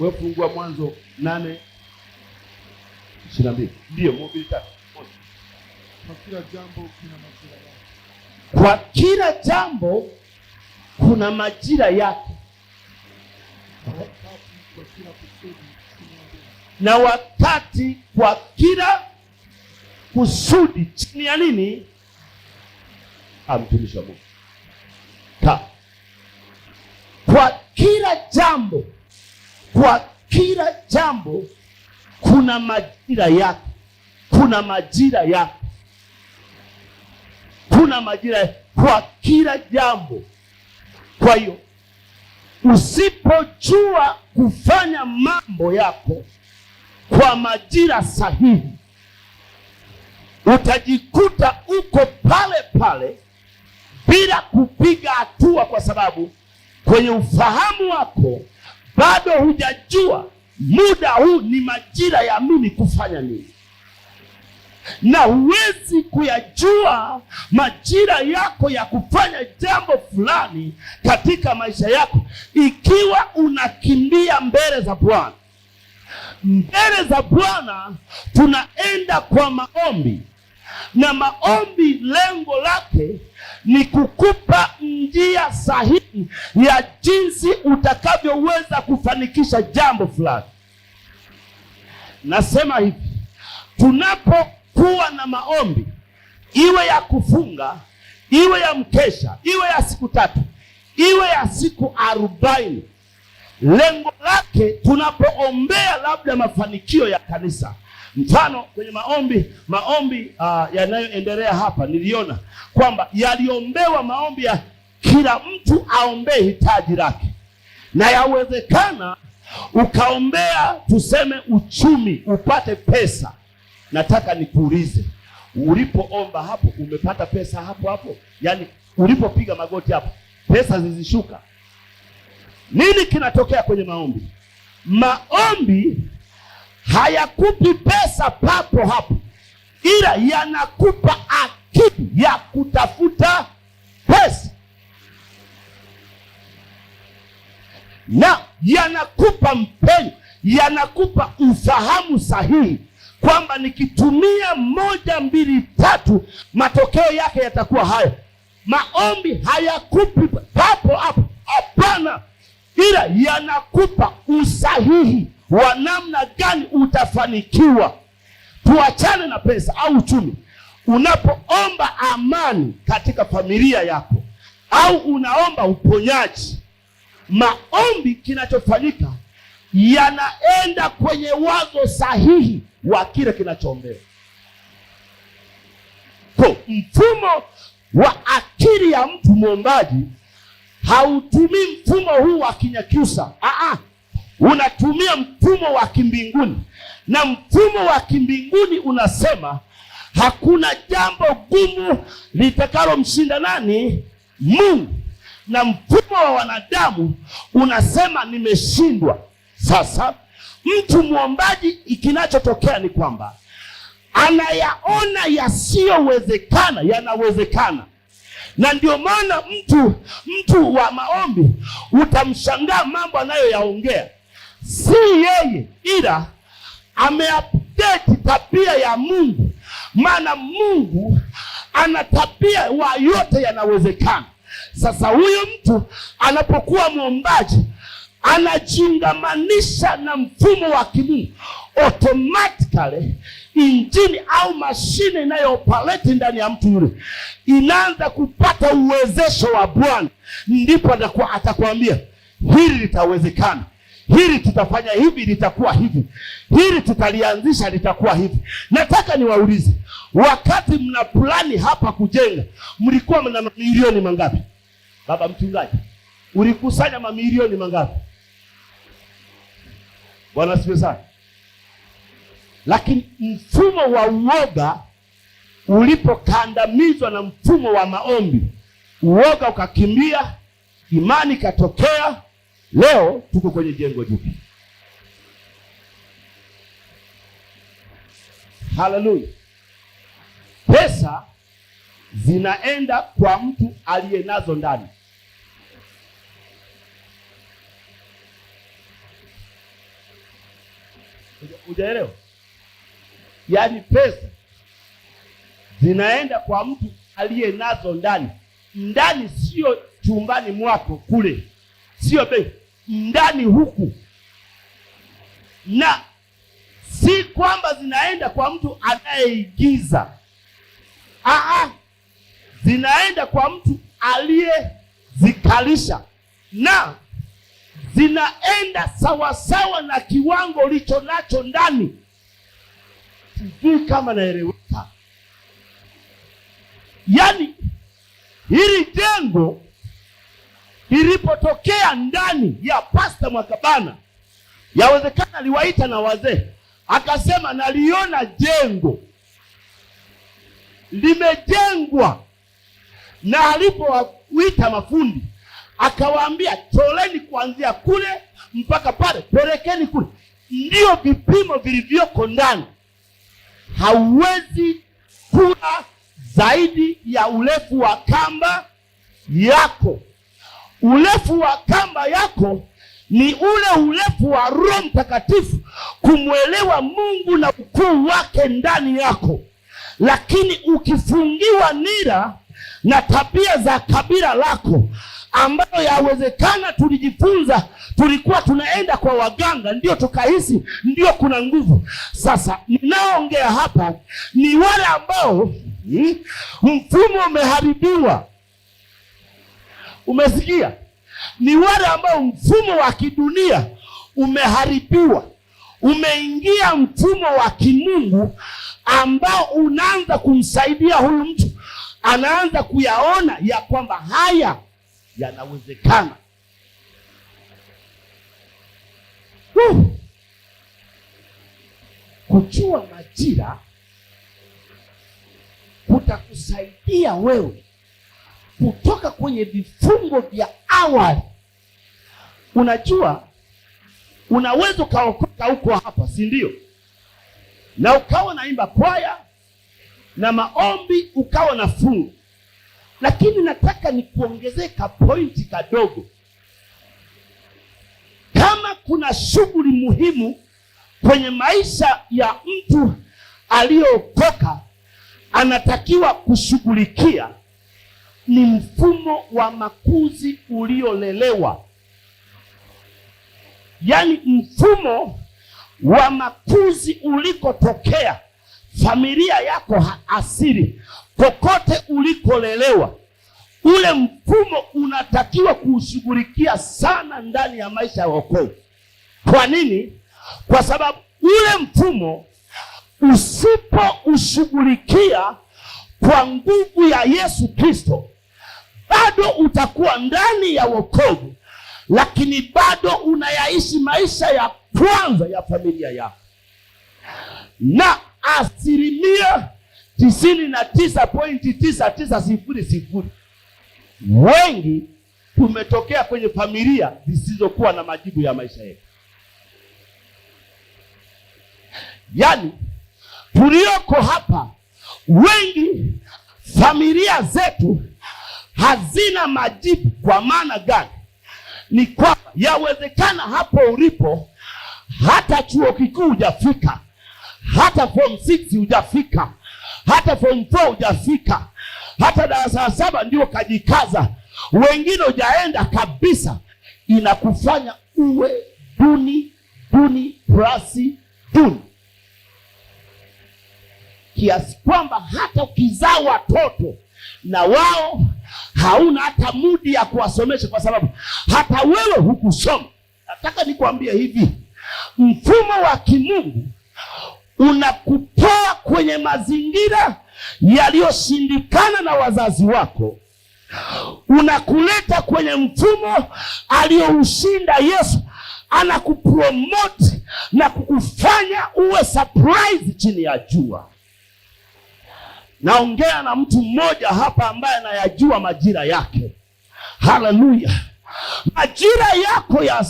Wewe fungua Mwanzo nane ishirini na mbili ndiyo mhubiri tatu. Kwa kila jambo kuna majira yake, na wakati kwa kila kusudi chini ya nini? Amtumisha ah, Mungu kila jambo, kwa kila jambo kuna majira yake, kuna majira yake, kuna majira yake kwa kila jambo. Kwa hiyo usipojua kufanya mambo yako kwa majira sahihi, utajikuta uko pale pale bila kupiga hatua, kwa sababu kwenye ufahamu wako bado hujajua muda huu ni majira ya mimi kufanya nini, na huwezi kuyajua majira yako ya kufanya jambo fulani katika maisha yako ikiwa unakimbia mbele za Bwana. Mbele za Bwana tunaenda kwa maombi, na maombi lengo lake ni kukupa njia sahihi ya jinsi utakavyoweza kufanikisha jambo fulani. Nasema hivi, tunapokuwa na maombi, iwe ya kufunga, iwe ya mkesha, iwe ya siku tatu, iwe ya siku arobaini, lengo lake tunapoombea labda mafanikio ya kanisa Mfano kwenye maombi maombi uh, yanayoendelea hapa niliona kwamba yaliombewa maombi ya kila mtu aombee hitaji lake, na yawezekana ukaombea tuseme uchumi upate pesa. Nataka nikuulize, ulipoomba hapo umepata pesa hapo hapo? Yaani ulipopiga magoti hapo pesa zilizishuka? Nini kinatokea kwenye maombi? Maombi hayakupi pesa papo hapo, ila yanakupa akili ya kutafuta na yanakupa mpenyo, yanakupa ufahamu sahihi kwamba nikitumia moja, mbili, tatu, matokeo yake yatakuwa haya. Maombi hayakupi papo hapo, hapana, ila yanakupa usahihi wa namna gani utafanikiwa. Tuachane na pesa au uchumi. Unapoomba amani katika familia yako au unaomba uponyaji maombi kinachofanyika yanaenda kwenye wazo sahihi wa kile kinachoombewa. Kwa mfumo wa akili ya mtu mwombaji hautumii mfumo huu wa kinyakyusa, -ah. unatumia mfumo wa kimbinguni, na mfumo wa kimbinguni unasema hakuna jambo gumu litakalomshinda nani? Mungu na mfumo wa wanadamu unasema nimeshindwa. Sasa mtu mwombaji, kinachotokea ni kwamba anayaona yasiyowezekana yanawezekana, na ndio maana mtu mtu wa maombi utamshangaa mambo anayoyaongea si yeye, ila ameapdeti tabia ya Mungu, maana Mungu ana tabia wa yote yanawezekana. Sasa huyu mtu anapokuwa mwombaji anajiungamanisha na mfumo wa kimungu automatically, injini au mashine inayopaleti ndani ya mtu yule inaanza kupata uwezesho wa Bwana, ndipo atakwambia hili litawezekana, hili tutafanya hivi, litakuwa hivi, hili tutalianzisha, litakuwa hivi. Nataka niwaulize, wakati mna plani hapa kujenga, mlikuwa mna milioni mangapi? Baba mchungaji, ulikusanya mamilioni mangapi? Bwana asifiwe sana. Lakini mfumo wa uoga ulipokandamizwa na mfumo wa maombi, uoga ukakimbia, imani ikatokea. Leo tuko kwenye jengo jipya. Haleluya! Pesa zinaenda kwa mtu aliyenazo ndani. Ujaelewa? Yaani pesa zinaenda kwa mtu aliye nazo ndani ndani, sio chumbani mwako kule, sio bei ndani huku, na si kwamba zinaenda kwa mtu anayeigiza. Aha, zinaenda kwa mtu aliyezikalisha na zinaenda sawasawa na kiwango ulicho nacho ndani. Sijui kama naeleweka. Yaani hili jengo lilipotokea ndani ya Pasta Mwakabana, yawezekana aliwaita na wazee, akasema naliona jengo limejengwa, na alipowawita mafundi akawaambia toleni kuanzia kule mpaka pale, pelekeni kule. Ndiyo vipimo vilivyoko ndani. Hauwezi kula zaidi ya urefu wa kamba yako. Urefu wa kamba yako ni ule urefu wa Roho Mtakatifu kumwelewa Mungu na ukuu wake ndani yako. Lakini ukifungiwa nira na tabia za kabila lako ambayo yawezekana tulijifunza, tulikuwa tunaenda kwa waganga, ndio tukahisi ndio kuna nguvu. Sasa ninaoongea hapa ni wale ambao hmm, mfumo umeharibiwa. Umesikia? Ni wale ambao mfumo wa kidunia umeharibiwa, umeingia mfumo wa kimungu ambao unaanza kumsaidia huyu mtu, anaanza kuyaona ya kwamba haya yanawezekana. Kujua majira kutakusaidia wewe kutoka kwenye vifungo vya awali. Unajua, unaweza ukaokoka huko hapa, si ndio? Na ukawa naimba kwaya na maombi, ukawa na fungu lakini nataka nikuongezee pointi kadogo. Kama kuna shughuli muhimu kwenye maisha ya mtu aliyookoka anatakiwa kushughulikia, ni mfumo wa makuzi uliolelewa, yaani mfumo wa makuzi ulikotokea, familia yako asili, kokote ulipolelewa, ule mfumo unatakiwa kuushughulikia sana ndani ya maisha ya wokovu. Kwa nini? Kwa sababu ule mfumo usipoushughulikia kwa nguvu ya Yesu Kristo, bado utakuwa ndani ya wokovu, lakini bado unayaishi maisha ya kwanza ya familia yako na asilimia tisini na tisa pointi tisa tisa sifuri sifuri. Wengi tumetokea kwenye familia zisizokuwa na majibu ya maisha yetu, yaani tulioko hapa wengi, familia zetu hazina majibu. Kwa maana gani? Ni kwamba yawezekana hapo ulipo hata chuo kikuu hujafika, hata form 6 hujafika hata form four hujafika, hata darasa la saba ndio kajikaza wengine hujaenda kabisa, inakufanya uwe duni duni plasi duni, kiasi kwamba hata ukizaa watoto na wao hauna hata mudi ya kuwasomesha, kwa sababu hata wewe hukusoma. Nataka nikuambie hivi, mfumo wa kimungu unakutoa kwenye mazingira yaliyoshindikana na wazazi wako, unakuleta kwenye mfumo aliyoushinda Yesu. Anakupromote na kukufanya uwe surprise chini ya jua. Naongea na mtu mmoja hapa ambaye anayajua majira yake. Haleluya! majira yako ya